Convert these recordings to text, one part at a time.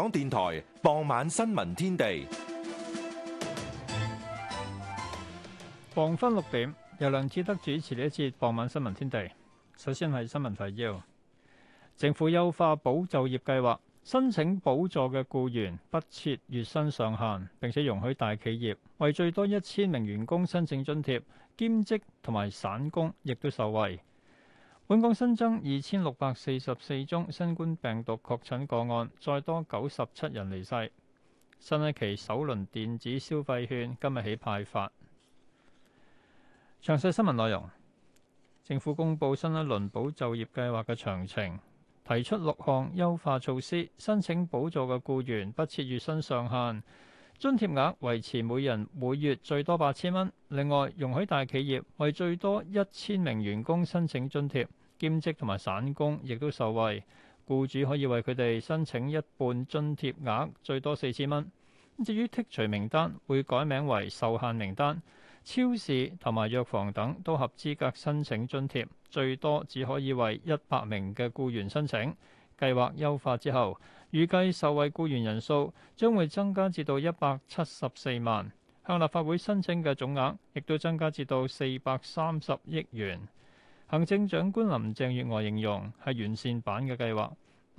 港電台傍晚新聞天地，黃昏六點由梁志德主持呢一節傍晚新聞天地。首先係新聞提要：政府優化保就業計劃，申請補助嘅僱員不設月薪上限，並且容許大企業為最多一千名員工申請津貼，兼職同埋散工亦都受惠。本港新增二千六百四十四宗新冠病毒確診個案，再多九十七人離世。新一期首輪電子消費券今日起派發。詳細新聞內容，政府公布新一輪保就業計劃嘅詳情，提出六項優化措施，申請補助嘅僱員不設月薪上限。津貼額維持每人每月最多八千蚊，另外容許大企業為最多一千名員工申請津貼，兼職同埋散工亦都受惠，僱主可以為佢哋申請一半津貼額，最多四千蚊。至於剔除名單，會改名為受限名單，超市同埋藥房等都合資格申請津貼，最多只可以為一百名嘅僱員申請。計劃優化之後，預計受惠僱員人數將會增加至到一百七十四萬，向立法會申請嘅總額亦都增加至到四百三十億元。行政長官林鄭月娥形容係完善版嘅計劃，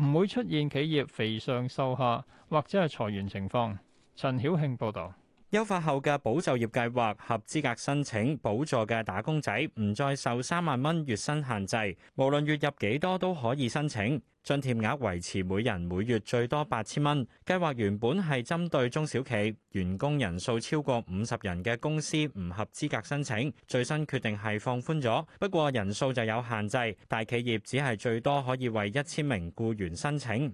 唔會出現企業肥上瘦下或者係裁員情況。陳曉慶報導。優化後嘅保就業計劃，合資格申請補助嘅打工仔唔再受三萬蚊月薪限制，無論月入幾多都可以申請，津貼額維持每人每月最多八千蚊。計劃原本係針對中小企，員工人數超過五十人嘅公司唔合資格申請，最新決定係放寬咗，不過人數就有限制，大企業只係最多可以為一千名僱員申請。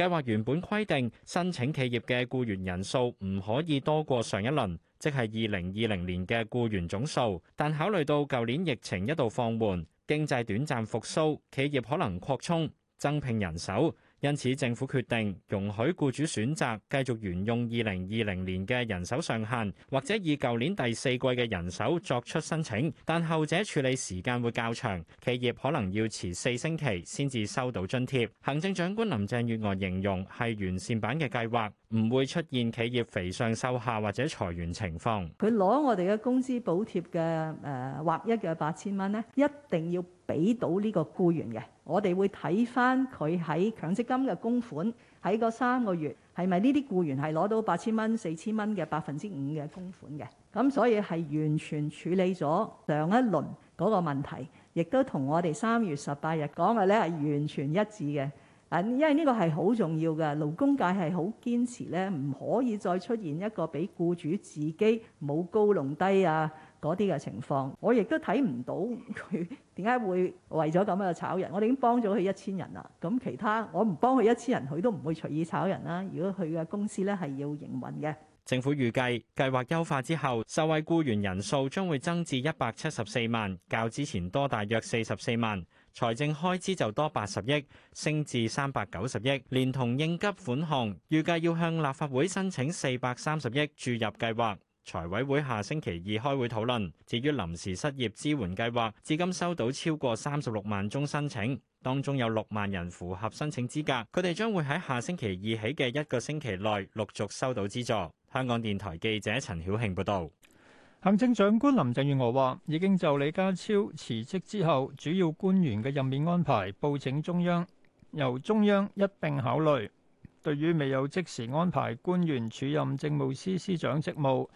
計劃原本規定，申請企業嘅僱員人數唔可以多過上一輪，即係二零二零年嘅僱員總數。但考慮到舊年疫情一度放緩，經濟短暫復甦，企業可能擴充、增聘人手。因此，政府決定容許僱主選擇繼續沿用二零二零年嘅人手上限，或者以舊年第四季嘅人手作出申請，但後者處理時間會較長，企業可能要遲四星期先至收到津貼。行政長官林鄭月娥形容係完善版嘅計劃，唔會出現企業肥上瘦下或者裁員情況。佢攞我哋嘅工資補貼嘅誒，劃、呃、一嘅八千蚊呢，一定要。俾到呢個僱員嘅，我哋會睇返佢喺強積金嘅供款喺嗰三個月，係咪呢啲僱員係攞到八千蚊、四千蚊嘅百分之五嘅供款嘅？咁所以係完全處理咗上一輪嗰個問題，亦都同我哋三月十八日講嘅呢係完全一致嘅。嗱，因為呢個係好重要㗎，勞工界係好堅持呢，唔可以再出現一個俾僱主自己冇高弄低啊。嗰啲嘅情況，我亦都睇唔到佢點解會為咗咁樣炒人。我哋已經幫咗佢一千人啦，咁其他我唔幫佢一千人，佢都唔會隨意炒人啦。如果佢嘅公司咧係要營運嘅，政府預計計劃優化之後，受惠僱員人數將會增至一百七十四萬，較之前多大約四十四萬，財政開支就多八十億，升至三百九十億，連同應急款項，預計要向立法會申請四百三十億注入計劃。財委會下星期二開會討論。至於臨時失業支援計劃，至今收到超過三十六萬宗申請，當中有六萬人符合申請資格，佢哋將會喺下星期二起嘅一個星期內陸續收到資助。香港電台記者陳曉慶報道。行政長官林鄭月娥話：已經就李家超辭職之後主要官員嘅任免安排報請中央，由中央一併考慮。對於未有即時安排官員署任政務司司長職務。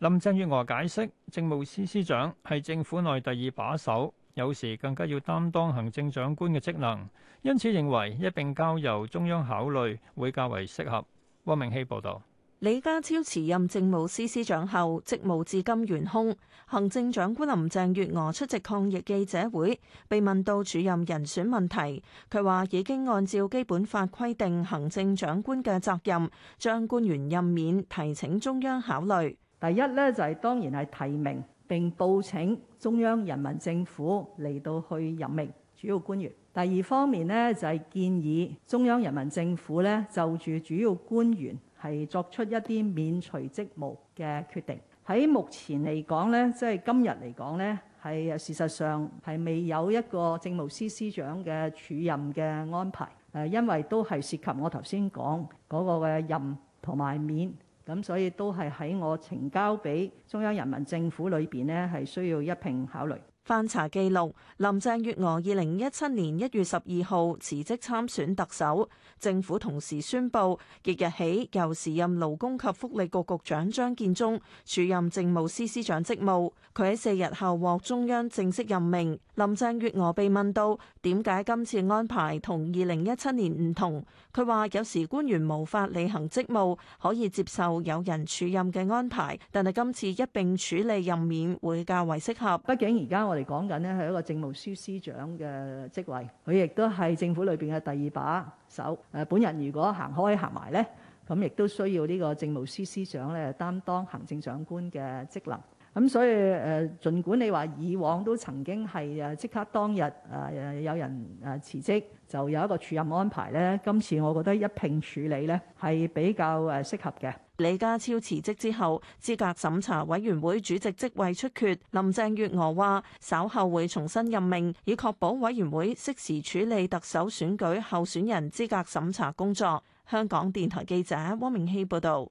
林鄭月娥解釋，政務司司長係政府內第二把手，有時更加要擔當行政長官嘅職能，因此認為一併交由中央考慮會較為適合。汪明希報導。李家超辭任政務司司長後，職務至今懸空。行政長官林鄭月娥出席抗疫記者會，被問到主任人選問題，佢話已經按照基本法規定，行政長官嘅責任將官員任免提請中央考慮。第一咧就係、是、當然係提名並報請中央人民政府嚟到去任命主要官員。第二方面呢，就係、是、建議中央人民政府呢，就住主要官員係作出一啲免除職務嘅決定。喺目前嚟講呢，即、就、係、是、今日嚟講呢，係事實上係未有一個政務司司長嘅署任嘅安排。誒，因為都係涉及我頭先講嗰個嘅任同埋免。咁所以都係喺我呈交俾中央人民政府裏邊呢，係需要一併考慮。翻查記錄，林鄭月娥二零一七年一月十二號辭職參選特首，政府同時宣布，即日起由時任勞工及福利局局長張建宗署任政務司司長職務。佢喺四日後獲中央正式任命。林鄭月娥被問到。點解今次安排同二零一七年唔同？佢話有時官員無法履行職務，可以接受有人署任嘅安排，但係今次一並處理任免會較為適合。畢竟而家我哋講緊咧係一個政務司司長嘅職位，佢亦都係政府裏邊嘅第二把手。誒，本人如果行開行埋呢，咁亦都需要呢個政務司司長咧擔當行政長官嘅職能。咁所以誒，儘管你話以往都曾經係誒即刻當日誒有人誒辭職，就有一個署任安排咧。今次我覺得一併處理咧係比較誒適合嘅。李家超辭職之後，資格審查委員會主席職位出缺，林鄭月娥話稍後會重新任命，以確保委員會適時處理特首選舉候選人資格審查工作。香港電台記者汪明熙報道。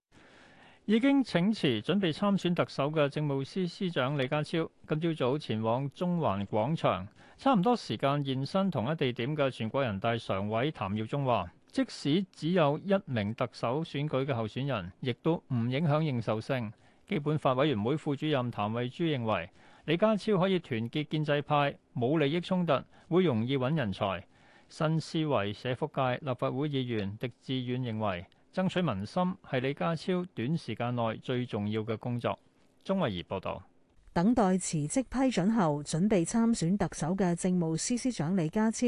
已經請辭準備參選特首嘅政務司司長李家超，今朝早前往中環廣場，差唔多時間現身同一地點嘅全國人大常委譚耀宗話：即使只有一名特首選舉嘅候選人，亦都唔影響認受性。基本法委員會副主任譚惠珠認為，李家超可以團結建制派，冇利益衝突，會容易揾人才。新思維社福界立法會議員狄志遠認為。爭取民心係李家超短時間內最重要嘅工作。鍾慧儀報道，等待辭職批准後，準備參選特首嘅政務司司長李家超，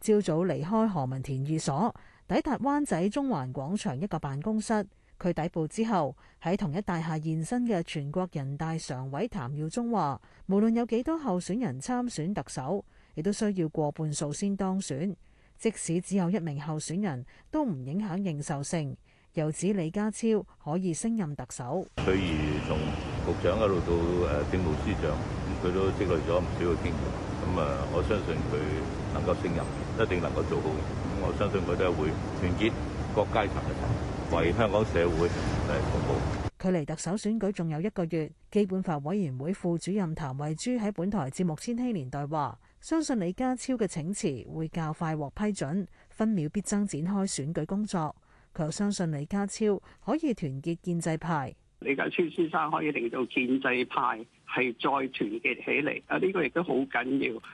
朝早離開何文田寓所，抵達灣仔中環廣場一個辦公室。佢抵步之後，喺同一大廈現身嘅全國人大常委譚耀宗話，無論有幾多候選人參選特首，亦都需要過半數先當選。即使只有一名候選人都唔影響認受性，又指李家超可以升任特首。佢如從局長一路到誒政務司長，佢都積累咗唔少嘅經驗，咁啊，我相信佢能夠勝任，一定能夠做好。我相信佢都係會團結各階層嘅人，為香港社會誒服務。距離特首選舉仲有一個月，基本法委員會副主任譚慧珠喺本台節目《千禧年代》話相信李家超嘅請辭會較快獲批准，分秒必爭展開選舉工作。佢又相信李家超可以團結建制派，李家超先生可以令到建制派係再團結起嚟。啊，呢個亦都好緊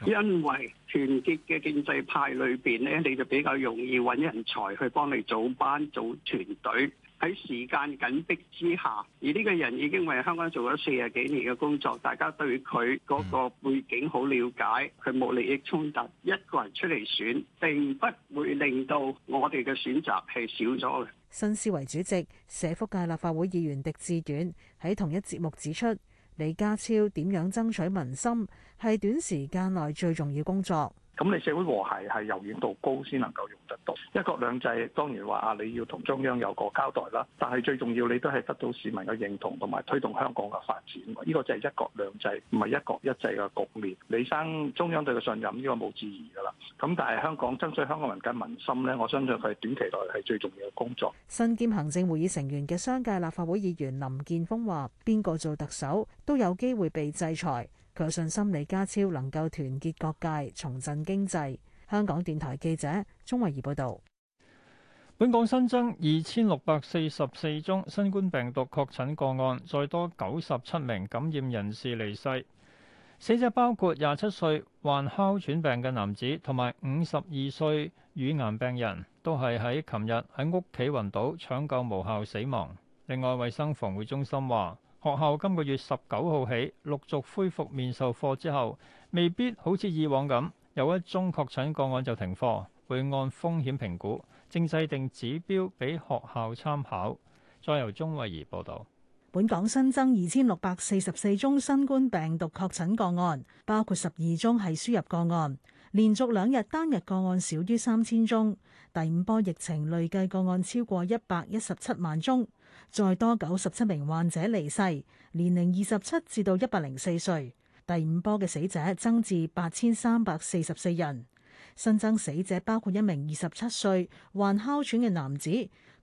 要，因為團結嘅建制派裏邊咧，你就比較容易揾人才去幫你組班、組團隊。喺時間緊迫之下，而呢個人已經為香港做咗四十幾年嘅工作，大家對佢嗰個背景好了解，佢冇利益衝突，一個人出嚟選並不會令到我哋嘅選擇係少咗嘅。新思維主席、社福界立法會議員狄志遠喺同一節目指出，李家超點樣爭取民心，係短時間內最重要工作。咁你社會和諧係由遠到高先能夠用得到一國兩制。當然話啊，你要同中央有個交代啦。但係最重要，你都係得到市民嘅認同，同埋推動香港嘅發展。呢個就係一國兩制，唔係一國一制嘅局面。李生中央對佢信任，呢個冇置疑噶啦。咁但係香港爭取香港人嘅民心呢，我相信佢係短期內係最重要嘅工作。新兼行政會議成員嘅商界立法會議員林健鋒話：邊個做特首都有機會被制裁。佢有信心李家超能夠團結各界，重振經濟。香港電台記者鍾慧儀報道。本港新增二千六百四十四宗新冠病毒確診個案，再多九十七名感染人士離世。死者包括廿七歲患哮喘病嘅男子，同埋五十二歲乳癌病人，都係喺琴日喺屋企暈倒，搶救無效死亡。另外，衛生防護中心話。學校今個月十九號起陸續恢復面授課之後，未必好似以往咁有一宗確診個案就停課，會按風險評估，正制定指標俾學校參考。再由鍾慧儀報導。本港新增二千六百四十四宗新冠病毒確診個案，包括十二宗係輸入個案，連續兩日單日個案少於三千宗。第五波疫情累計個案超過一百一十七萬宗。再多九十七名患者離世，年齡二十七至到一百零四歲。第五波嘅死者增至八千三百四十四人，新增死者包括一名二十七歲患哮喘嘅男子，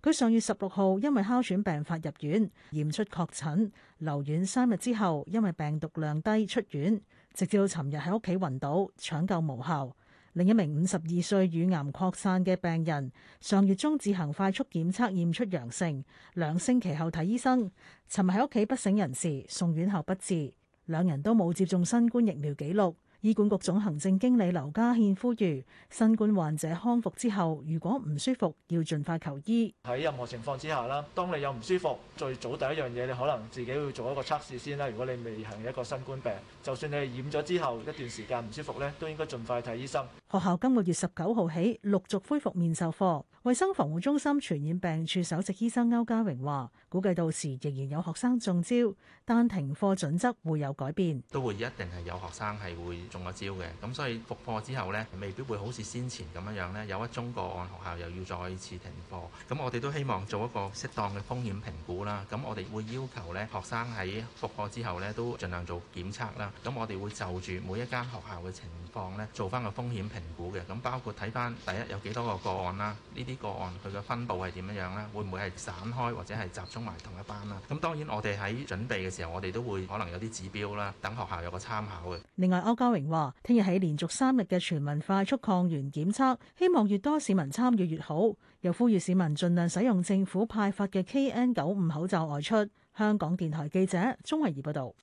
佢上月十六號因為哮喘病發入院，驗出確診，留院三日之後因為病毒量低出院，直至到尋日喺屋企暈倒，搶救無效。另一名五十二歲乳癌擴散嘅病人，上月中自行快速檢測驗出陽性，兩星期後睇醫生，尋日喺屋企不省人事，送院後不治。兩人都冇接種新冠疫苗記錄。醫管局總行政經理劉家憲呼籲：新冠患者康復之後，如果唔舒服，要盡快求醫。喺任何情況之下啦，當你有唔舒服，最早第一樣嘢你可能自己會做一個測試先啦。如果你未行一個新冠病，就算你染咗之後一段時間唔舒服咧，都應該盡快睇醫生。學校今個月十九號起陸續恢復面授課。衛生防護中心傳染病處首席醫生歐家榮話，估計到時仍然有學生中招，但停課準則會有改變。都會一定係有學生係會中咗招嘅，咁所以復課之後呢，未必會好似先前咁樣樣呢，有一宗個案學校又要再次停課。咁我哋都希望做一個適當嘅風險評估啦。咁我哋會要求呢，學生喺復課之後呢，都盡量做檢測啦。咁我哋會就住每一間學校嘅情況呢，做翻個風險評。估嘅咁包括睇翻第一有幾多個個案啦？呢啲個案佢嘅分布係點樣咧？會唔會係散開或者係集中埋同一班啦？咁當然我哋喺準備嘅時候，我哋都會可能有啲指標啦，等學校有個參考嘅。另外，歐家榮話，聽日喺連續三日嘅全民快速抗原檢測，希望越多市民參與越好，又呼籲市民盡量使用政府派發嘅 KN 九五口罩外出。香港電台記者鍾慧儀報道。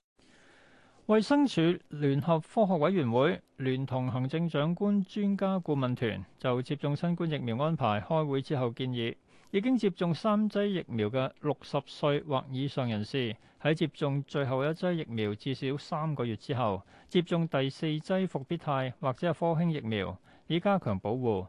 衛生署聯合科學委員會聯同行政長官專家顧問團就接種新冠疫苗安排開會之後建議，已經接種三劑疫苗嘅六十歲或以上人士，喺接種最後一劑疫苗至少三個月之後，接種第四劑復必泰或者係科興疫苗，以加強保護。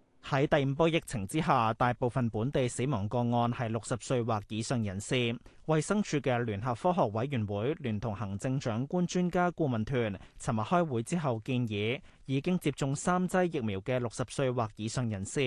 喺第五波疫情之下，大部分本地死亡個案係六十歲或以上人士。衛生署嘅聯合科學委員會聯同行政長官專家顧問團，尋日開會之後建議，已經接種三劑疫苗嘅六十歲或以上人士，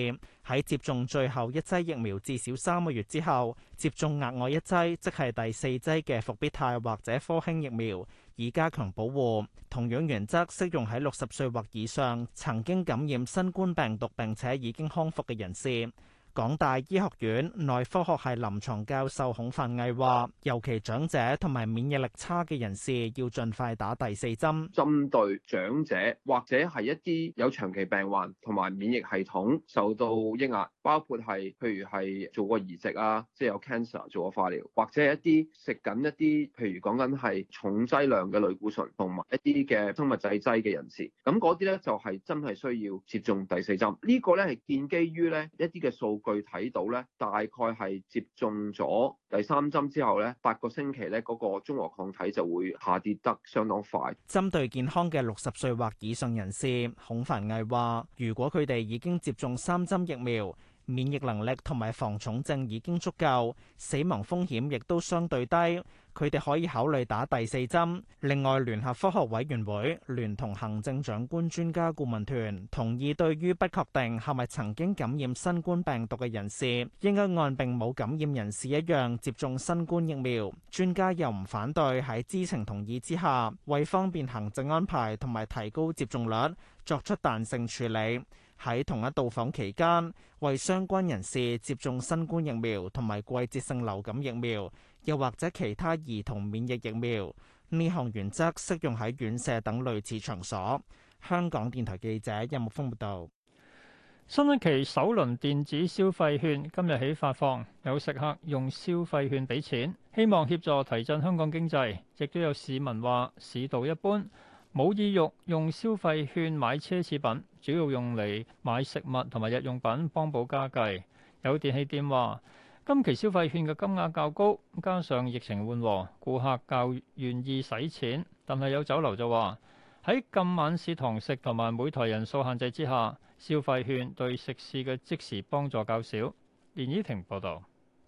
喺接種最後一劑疫苗至少三個月之後，接種額外一劑，即係第四劑嘅復必泰或者科興疫苗。以加強保護，同樣原則適用喺六十歲或以上曾經感染新冠病毒並且已經康復嘅人士。港大醫學院內科學系臨床教授孔繁毅話，尤其長者同埋免疫力差嘅人士，要盡快打第四針。針對長者或者係一啲有長期病患同埋免疫系統受到抑壓。包括係，譬如係做過移植啊，即係有 cancer 做過化療，或者一啲食緊一啲，譬如講緊係重劑量嘅類固醇同埋一啲嘅生物製劑嘅人士，咁嗰啲咧就係、是、真係需要接種第四針。這個、呢個咧係建基於咧一啲嘅數據睇到咧，大概係接種咗第三針之後咧，八個星期咧嗰、那個中和抗體就會下跌得相當快。針對健康嘅六十歲或以上人士，孔凡毅話：如果佢哋已經接種三針疫苗，免疫能力同埋防重症已經足夠，死亡風險亦都相對低，佢哋可以考慮打第四針。另外，聯合科學委員會聯同行政長官專家顧問團同意，對於不確定係咪曾經感染新冠病毒嘅人士，應該按並冇感染人士一樣接種新冠疫苗。專家又唔反對喺知情同意之下，為方便行政安排同埋提高接種率，作出彈性處理。喺同一到訪期間，為相關人士接種新冠疫苗同埋季節性流感疫苗，又或者其他兒童免疫疫苗。呢項原則適用喺院舍等類似場所。香港電台記者任木峰報道。新一期首輪電子消費券今日起發放，有食客用消費券俾錢，希望協助提振香港經濟。亦都有市民話市道一般，冇意欲用消費券買奢侈品。主要用嚟買食物同埋日用品，幫補家計。有電器店話，今期消費券嘅金額較高，加上疫情緩和，顧客較願意使錢，但係有酒樓就話，喺禁晚市堂食同埋每台人數限制之下，消費券對食肆嘅即時幫助較少。連依婷報道。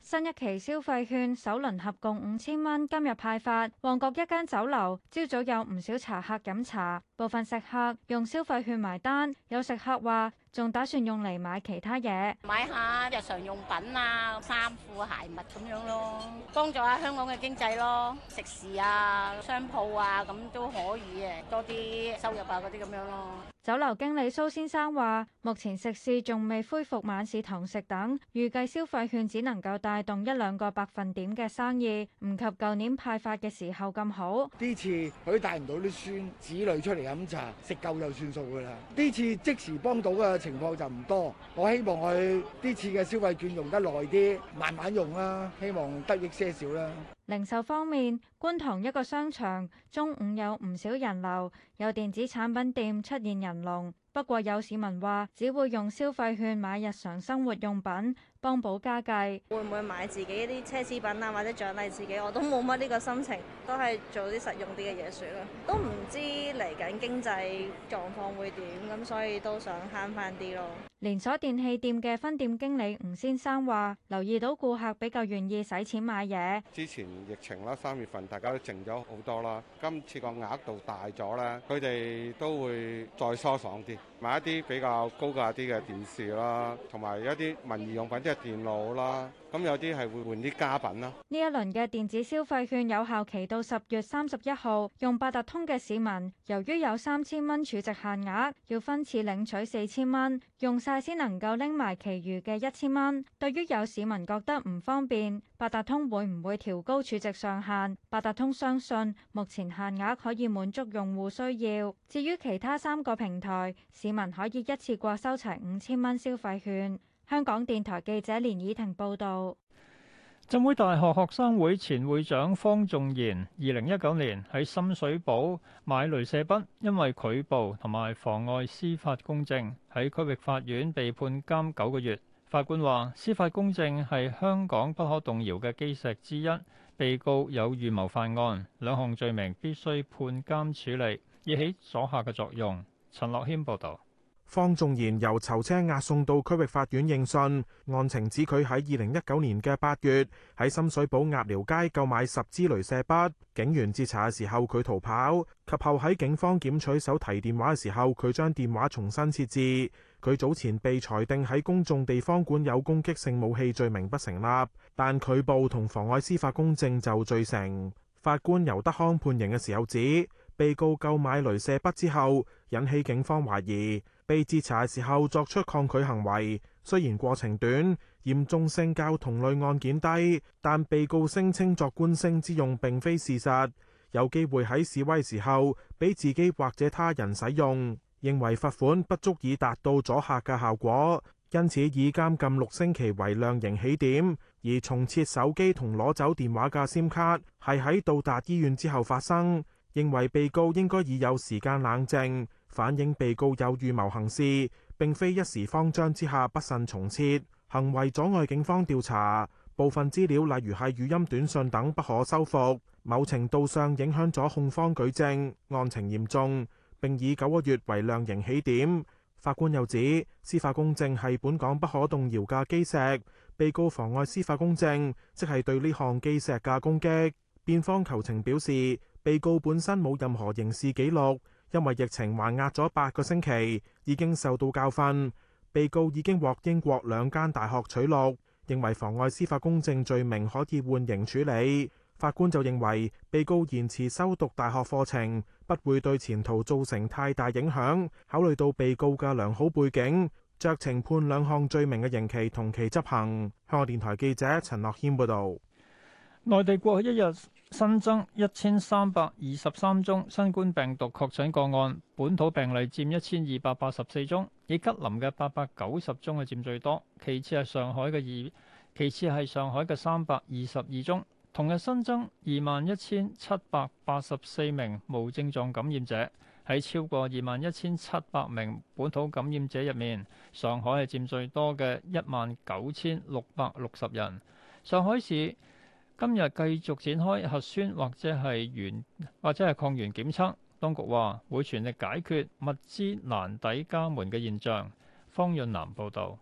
新一期消費券首輪合共五千蚊，今日派發。旺角一間酒樓，朝早有唔少茶客飲茶，部分食客用消費券埋單，有食客話仲打算用嚟買其他嘢，買下日常用品啊、衫褲鞋襪咁樣咯，幫助下香港嘅經濟咯，食肆啊、商鋪啊咁都可以嘅，多啲收入啊嗰啲咁樣咯。酒樓經理蘇先生話，目前食肆仲未恢復晚市堂食等，預計消費券只能夠帶動一兩個百分點嘅生意，唔及舊年派發嘅時候咁好。呢次佢帶唔到啲孫子女出嚟飲茶，食夠就算數噶啦。呢次即時幫到嘅情況就唔多，我希望佢呢次嘅消費券用得耐啲，慢慢用啦、啊，希望得益些少啦、啊。零售方面，觀塘一個商場中午有唔少人流，有電子產品店出現人龍。不過有市民話，只會用消費券買日常生活用品，幫補家計。會唔會買自己啲奢侈品啊？或者獎勵自己？我都冇乜呢個心情，都係做啲實用啲嘅嘢。算啦，都唔知嚟緊經濟狀況會點，咁所以都想慳翻啲咯。連鎖電器店嘅分店經理吳先生話，留意到顧客比較願意使錢買嘢。之前疫情啦，三月份大家都靜咗好多啦。今次個額度大咗咧，佢哋都會再疏爽啲，買一啲比較高價啲嘅電視啦，同埋一啲文娛用品，即係電腦啦。咁有啲係會換啲家品囉。呢一輪嘅電子消費券有效期到十月三十一號，用八達通嘅市民由於有三千蚊儲值限額，要分次領取四千蚊，用晒先能夠拎埋其餘嘅一千蚊。對於有市民覺得唔方便，八達通會唔會調高儲值上限？八達通相信目前限額可以滿足用戶需要。至於其他三個平台，市民可以一次過收齊五千蚊消費券。香港電台記者連綺婷報道，浸會大學學生會前會長方仲賢，二零一九年喺深水埗買鐳射筆，因為拒捕同埋妨礙司法公正，喺區域法院被判監九個月。法官話，司法公正係香港不可動搖嘅基石之一，被告有預謀犯案，兩項罪名必須判監處理，以起阻嚇嘅作用。陳樂謙報道。方仲賢由囚車押送到區域法院應訊，案情指佢喺二零一九年嘅八月喺深水埗鴨寮街購買十支鐳射筆，警員截查嘅時候，佢逃跑，及後喺警方檢取手提電話嘅時候，佢將電話重新設置。佢早前被裁定喺公眾地方管有攻擊性武器罪名不成立，但拒捕同妨礙司法公正就罪成。法官尤德康判刑嘅時候指，被告購買鐳射筆之後引起警方懷疑。被截查時候作出抗拒行為，雖然過程短，嚴重性較同類案件低，但被告聲稱作觀星之用並非事實，有機會喺示威時候俾自己或者他人使用，認為罰款不足以達到阻嚇嘅效果，因此以監禁六星期為量刑起點，而重設手機同攞走電話嘅 SIM 卡係喺到達醫院之後發生，認為被告應該已有時間冷靜。反映被告有預謀行事，並非一時慌張之下不慎重設，行為阻礙警方調查。部分資料例如係語音短信等不可修復，某程度上影響咗控方舉證，案情嚴重，並以九個月為量刑起點。法官又指，司法公正係本港不可動搖嘅基石，被告妨礙司法公正，即係對呢項基石嘅攻擊。辯方求情表示，被告本身冇任何刑事記錄。因為疫情還押咗八個星期，已經受到教訓。被告已經獲英國兩間大學取錄，認為妨礙司法公正罪名可以緩刑處理。法官就認為被告延遲修讀大學課程，不會對前途造成太大影響。考慮到被告嘅良好背景，酌情判兩項罪名嘅刑期同期執行。香港電台記者陳樂謙報道。內地過去一日，新增一千三百二十三宗新冠病毒確診個案，本土病例佔一千二百八十四宗，以吉林嘅八百九十宗係佔最多，其次係上海嘅二，其次係上海嘅三百二十二宗。同日新增二萬一千七百八十四名無症狀感染者，喺超過二萬一千七百名本土感染者入面，上海係佔最多嘅一萬九千六百六十人，上海市，今日繼續展開核酸或者係原或者係抗原檢測。當局話會全力解決物資難抵家門嘅現象。方潤南報導。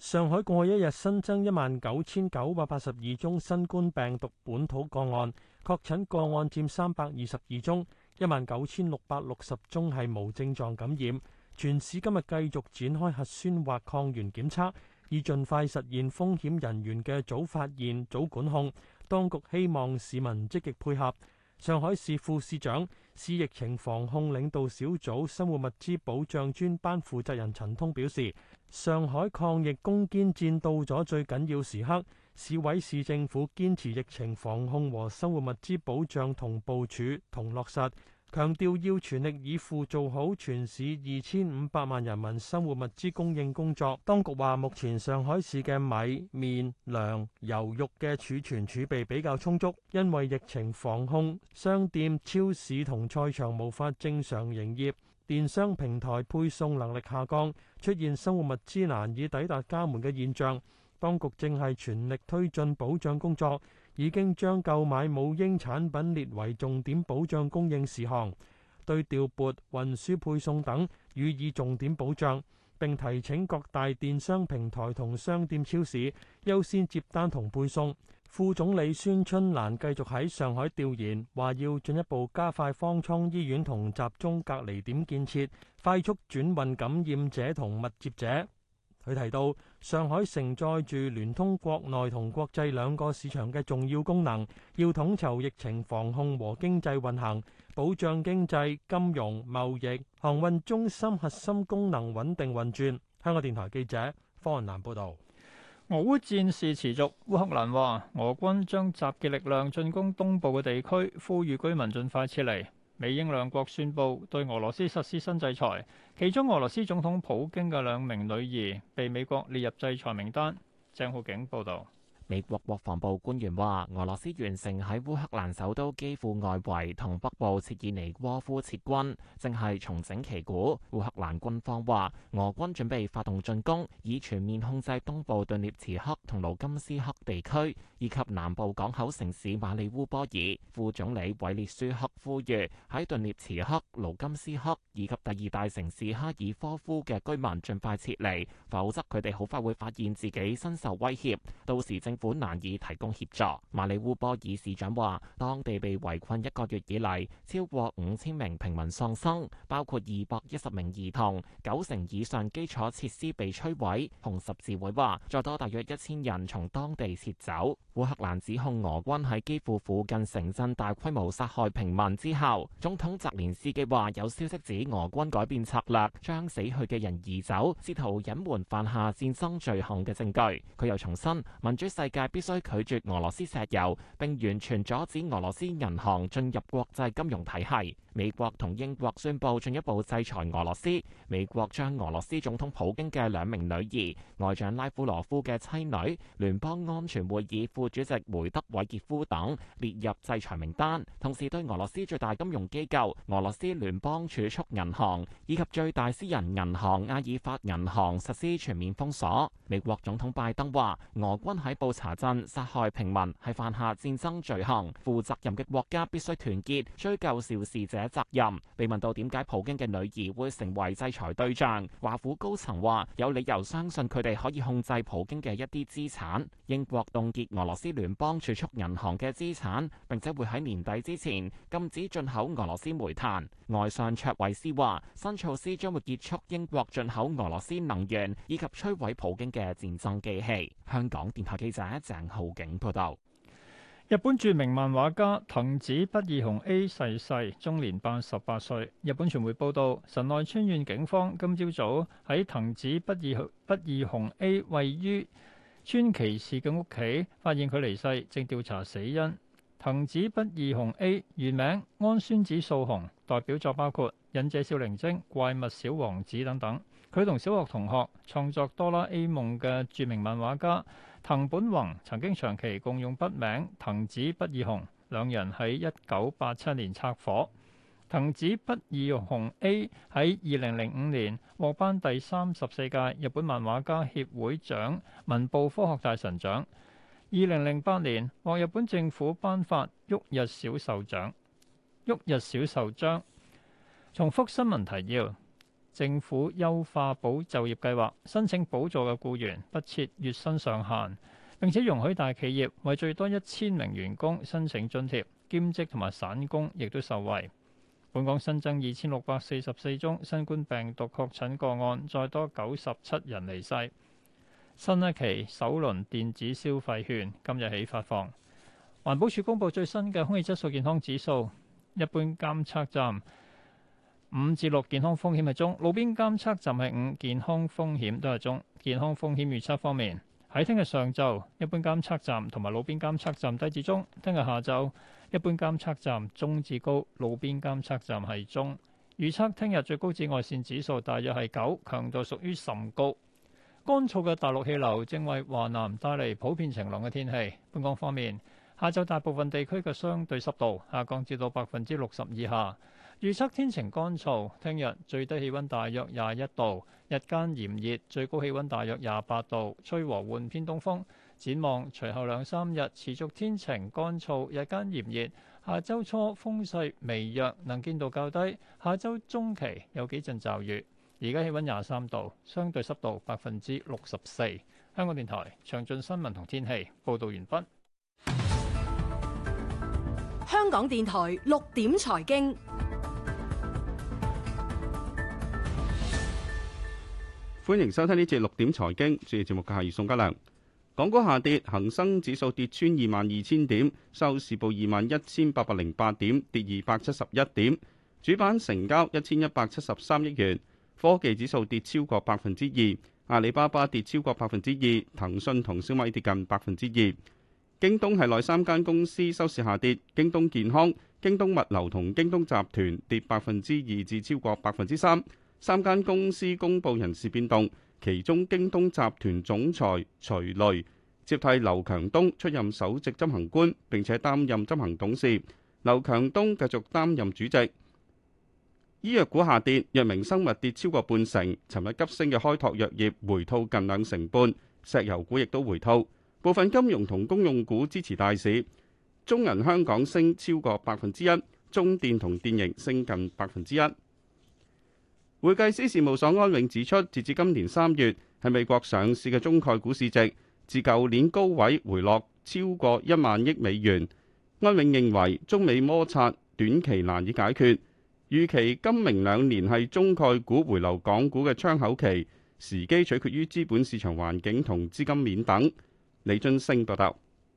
上海過去一日新增一萬九千九百八十二宗新冠病毒本土個案，確診個案佔三百二十二宗，一萬九千六百六十宗係無症狀感染。全市今日繼續展開核酸或抗原檢測，以盡快實現風險人員嘅早發現、早管控。當局希望市民積極配合。上海市副市長、市疫情防控領導小組生活物資保障專班負責人陳通表示，上海抗疫攻堅戰到咗最緊要時刻，市委市政府堅持疫情防控和生活物資保障同部署、同落實。強調要全力以赴做好全市二千五百萬人民生活物資供應工作。當局話，目前上海市嘅米、麵、糧、油、肉嘅儲存儲備比較充足，因為疫情防控，商店、超市同菜場無法正常營業，電商平台配送能力下降，出現生活物資難以抵達家門嘅現象。當局正係全力推進保障工作。已經將購買母嬰產品列為重點保障供應事項，對調撥、運輸、配送等予以重點保障，並提請各大電商平台同商店、超市優先接單同配送。副總理孫春蘭繼續喺上海調研，話要進一步加快方艙醫院同集中隔離點建設，快速轉運感染者同密接者。佢提到，上海承載住聯通國內同國際兩個市場嘅重要功能，要統籌疫情防控和經濟運行，保障經濟、金融、貿易、航運中心核心功能穩定運轉。香港電台記者方雲南報道。俄烏戰事持續，烏克蘭話俄軍將集結力量進攻東部嘅地區，呼籲居民盡快撤離。美英兩國宣佈對俄羅斯實施新制裁，其中俄羅斯總統普京嘅兩名女兒被美國列入制裁名單。張浩景報導。美國國防部官員話：俄羅斯完成喺烏克蘭首都基輔外圍同北部切爾尼戈夫撤軍，正係重整旗鼓。烏克蘭軍方話，俄軍準備發動進攻，以全面控制東部頓涅茨克同盧甘斯克地區。以及南部港口城市馬里烏波爾，副總理韋列舒克呼籲喺頓涅茨克、盧金斯克以及第二大城市哈爾科夫嘅居民盡快撤離，否則佢哋好快會發現自己身受威脅，到時政府難以提供協助。馬里烏波爾市長話，當地被圍困一個月以嚟，超過五千名平民喪生，包括二百一十名兒童，九成以上基礎設施被摧毀。紅十字會話，再多大約一千人從當地撤走。烏克蘭指控俄軍喺基輔附近城鎮大規模殺害平民之後，總統澤連斯基話：有消息指俄軍改變策略，將死去嘅人移走，試圖隱瞞犯下戰爭罪行嘅證據。佢又重申，民主世界必須拒絕俄羅斯石油，並完全阻止俄羅斯銀行進入國際金融體系。美國同英國宣布進一步制裁俄羅斯。美國將俄羅斯總統普京嘅兩名女兒、外長拉夫羅夫嘅妻女、聯邦安全會議副主席梅德韋傑夫等列入制裁名單，同時對俄羅斯最大金融機構俄羅斯聯邦儲蓄銀行以及最大私人銀行亞爾法銀行實施全面封鎖。美國總統拜登話：俄軍喺布查鎮殺害平民係犯下戰爭罪行，負責任嘅國家必須團結，追究肇事者。責任被問到點解普京嘅女兒會成為制裁對象，華府高層話有理由相信佢哋可以控制普京嘅一啲資產。英國凍結俄羅斯聯邦儲蓄銀行嘅資產，並且會喺年底之前禁止進口俄羅斯煤炭。外相卓維斯話，新措施將會結束英國進口俄羅斯能源，以及摧毀普京嘅戰爭機器。香港電台記者鄭浩景報道。日本著名漫畫家藤子不二雄 A 逝世，世，終年八十八歲。日本傳媒報道，神奈川縣警方今朝早喺藤子不二不二雄 A 位於川崎市嘅屋企發現佢離世，正調查死因。藤子不二雄 A 原名安孫子素雄，代表作包括《忍者小靈精》《怪物小王子》等等。佢同小學同學創作《哆啦 A 夢》嘅著名漫畫家。藤本宏曾經長期共用筆名藤子不二雄，兩人喺一九八七年拆伙，藤子不二雄 A 喺二零零五年獲頒第三十四屆日本漫畫家協會獎文部科學大臣獎，二零零八年獲日本政府頒發旭日小綬獎。旭日小綬章。重複新聞提要。政府優化保就業計劃，申請補助嘅僱員不設月薪上限，並且容許大企業為最多一千名員工申請津貼，兼職同埋散工亦都受惠。本港新增二千六百四十四宗新冠病毒確診個案，再多九十七人離世。新一期首輪電子消費券今日起發放。環保署公布最新嘅空氣質素健康指數，一般監測站，五至六健康風險係中，路邊監測站係五健康風險都係中。健康風險預測方面，喺聽日上晝，一般監測站同埋路邊監測站低至中；聽日下晝，一般監測站中至高，路邊監測站係中。預測聽日最高紫外線指數大約係九，強度屬於甚高。乾燥嘅大陸氣流正為華南帶嚟普遍晴朗嘅天氣。本港方面，下晝大部分地區嘅相對濕度下降至到百分之六十以下。預測天晴乾燥，聽日最低氣溫大約廿一度，日間炎熱，最高氣溫大約廿八度，吹和緩偏東風。展望隨後兩三日持續天晴乾燥，日間炎熱。下周初風勢微弱，能見度較低。下周中期有幾陣驟雨。而家氣溫廿三度，相對濕度百分之六十四。香港電台詳盡新聞同天氣報道完畢。香港電台六點財經。歡迎收聽呢節六點財經，主持節目嘅係宋嘉良。港股下跌，恒生指數跌穿二萬二千點，收市報二萬一千八百零八點，跌二百七十一點。主板成交一千一百七十三億元。科技指數跌超過百分之二，阿里巴巴跌超過百分之二，騰訊同小米跌近百分之二。京東系內三間公司收市下跌，京東健康、京東物流同京東集團跌百分之二至超過百分之三。三間公司公佈人事變動，其中京東集團總裁徐雷接替劉強東出任首席執行官，並且擔任執行董事。劉強東繼續擔任主席。醫藥股下跌，藥明生物跌超過半成。尋日急升嘅開拓藥業回吐近兩成半，石油股亦都回吐。部分金融同公用股支持大市，中銀香港升超過百分之一，中電同電盈升近百分之一。會計師事務所安永指出，截至今年三月，喺美國上市嘅中概股市值，自舊年高位回落超過一萬億美元。安永認為中美摩擦短期難以解決，預期今明兩年係中概股回流港股嘅窗口期，時機取決於資本市場環境同資金面等。李俊升報道。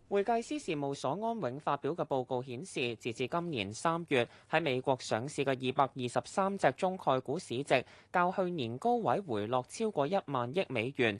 會計師事務所安永發表嘅報告顯示，截至今年三月，喺美國上市嘅二百二十三隻中概股市值，較去年高位回落超過一萬億美元。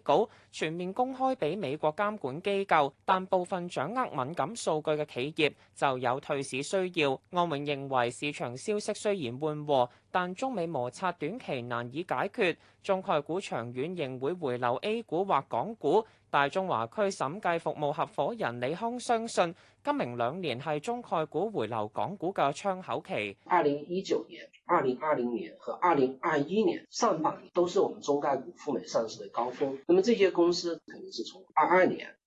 稿全面公開俾美國監管機構，但部分掌握敏感數據嘅企業就有退市需要。我們認為市場消息雖然緩和，但中美摩擦短期難以解決，中概股長遠仍會回流 A 股或港股。大中華區審計服務合伙人李康相信，今明兩年係中概股回流港股嘅窗口期。二零一九年，二零二零年和二零二一年上半年都是我們中概股赴美上市嘅高峰，那麼這些公司肯定是從二二年。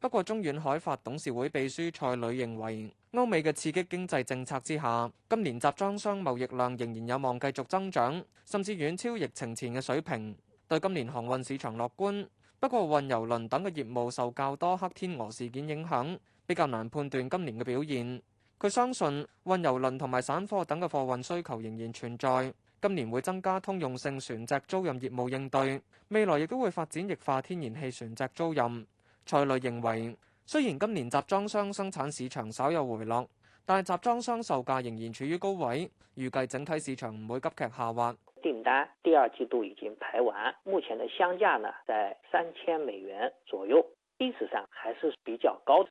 不過，中遠海發董事會秘書蔡磊認為，歐美嘅刺激經濟政策之下，今年集裝箱貿易量仍然有望繼續增長，甚至遠超疫情前嘅水平。對今年航運市場樂觀，不過運油輪等嘅業務受較多黑天鵝事件影響，比較難判斷今年嘅表現。佢相信運油輪同埋散貨等嘅貨運需求仍然存在，今年會增加通用性船隻租賃業務應對，未來亦都會發展液化天然氣船隻租賃。蔡磊認為，雖然今年集裝箱生產市場稍有回落，但集裝箱售價仍然處於高位，預計整體市場唔會急劇下滑。訂單第二季度已經排完，目前的箱價呢，在三千美元左右，歷史上還是比較高的。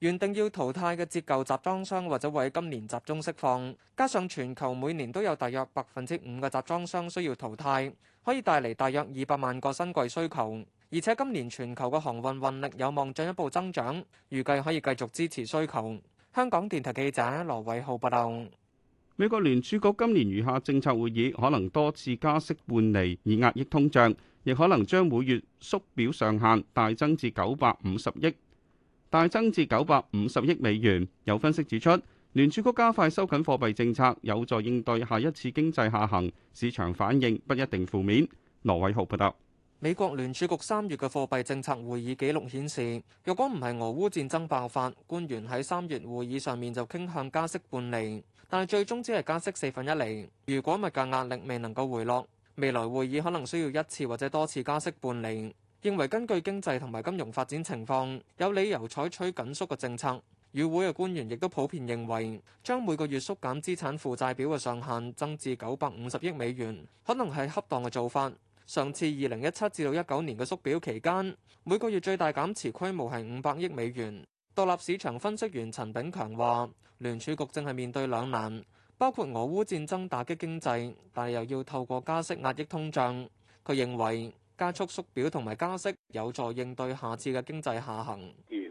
原定要淘汰嘅折舊集裝箱或者為今年集中釋放，加上全球每年都有大約百分之五嘅集裝箱需要淘汰，可以帶嚟大約二百萬個新櫃需求。而且今年全球嘅航運運力有望進一步增長，預計可以繼續支持需求。香港電台記者羅偉浩報道。美國聯儲局今年餘下政策會議可能多次加息半厘，以壓抑通脹，亦可能將每月縮表上限大增至九百五十億。大增至九百五十億美元。有分析指出，聯儲局加快收緊貨幣政策，有助應對下一次經濟下行。市場反應不一定負面。羅偉豪報道。美國聯儲局三月嘅貨幣政策會議紀錄顯示，若果唔係俄烏戰爭爆發，官員喺三月會議上面就傾向加息半釐，但係最終只係加息四分一厘，如果物價壓力未能夠回落，未來會議可能需要一次或者多次加息半釐。認為根據經濟同埋金融發展情況，有理由採取緊縮嘅政策。與會嘅官員亦都普遍認為，將每個月縮減資產負債表嘅上限增至九百五十億美元，可能係恰當嘅做法。上次二零一七至到一九年嘅縮表期間，每個月最大減持規模係五百億美元。獨立市場分析員陳炳強話：聯儲局正係面對兩難，包括俄烏戰爭打擊經濟，但係又要透過加息壓抑通脹。佢認為，加速縮表同埋加息，有助應對下次嘅經濟下行。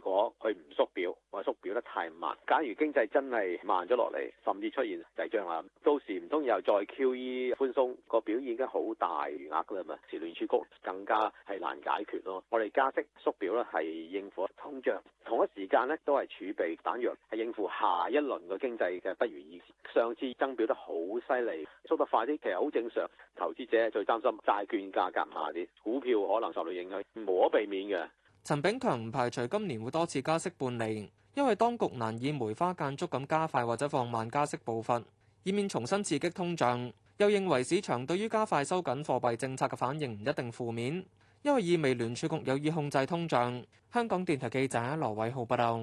果佢唔縮表，或縮表得太慢。假如經濟真係慢咗落嚟，甚至出現滯脹啦，到時唔通以後再 QE 寬鬆，個表已經好大餘額啦嘛。於是聯儲局更加係難解決咯。我哋加息縮表咧係應付通脹，同一時間咧都係儲備彈藥，係應付下一輪嘅經濟嘅不如意。上次增表得好犀利，縮得快啲，其實好正常。投資者最擔心債券價格下跌，股票可能受到影響，無可避免嘅。陳炳強唔排除今年會多次加息半釐，因為當局難以梅花間竹咁加快或者放慢加息步伐，以免重新刺激通脹。又認為市場對於加快收緊貨幣政策嘅反應唔一定負面，因為意味聯儲局有意控制通脹。香港電台記者羅偉浩報道。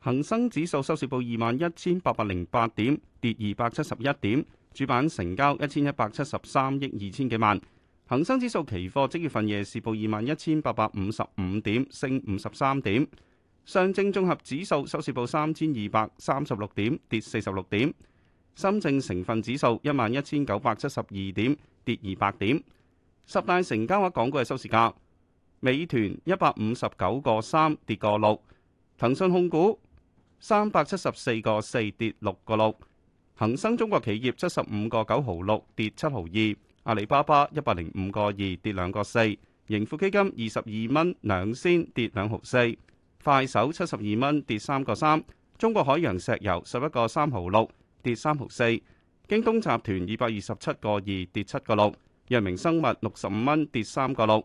恒生指數收市報二萬一千八百零八點，跌二百七十一點，主板成交一千一百七十三億二千幾萬。恒生指數期貨即月份夜市報二萬一千八百五十五點，升五十三點。上證綜合指數收市報三千二百三十六點，跌四十六點。深證成分指數一萬一千九百七十二點，跌二百點。十大成交額港股嘅收市價：美團一百五十九個三跌個六，騰訊控股三百七十四個四跌六個六，恒生中國企業七十五個九毫六跌七毫二。阿里巴巴一百零五個二跌兩個四，盈富基金二十二蚊兩仙跌兩毫四，快手七十二蚊跌三個三，中國海洋石油十一個三毫六跌三毫四，京東集團二百二十七個二跌七個六，藥明生物六十五蚊跌三個六，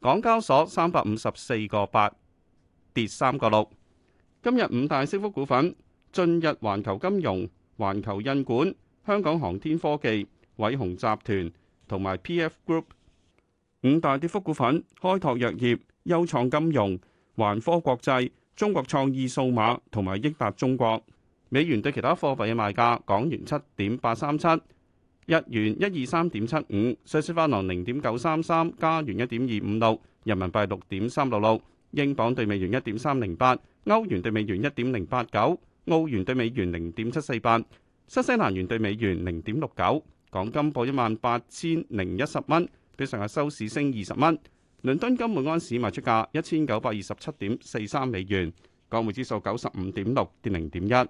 港交所三百五十四個八跌三個六。今日五大升幅股份：進入環球金融、環球印管、香港航天科技。偉鴻集團同埋 PF Group，五大跌幅股份，開拓藥業、優創金融、環科國際、中國創意數碼同埋益達中國。美元對其他貨幣嘅賣價：港元七點八三七，日元一二三點七五，瑞士法郎零點九三三，加元一點二五六，人民幣六點三六六，英鎊對美元一點三零八，歐元對美元一點零八九，澳元對美元零點七四八，新西蘭元對美元零點六九。港金報一萬八千零一十蚊，比上日收市升二十蚊。倫敦金每安士賣出價一千九百二十七點四三美元，港匯指數九十五點六，跌零點一。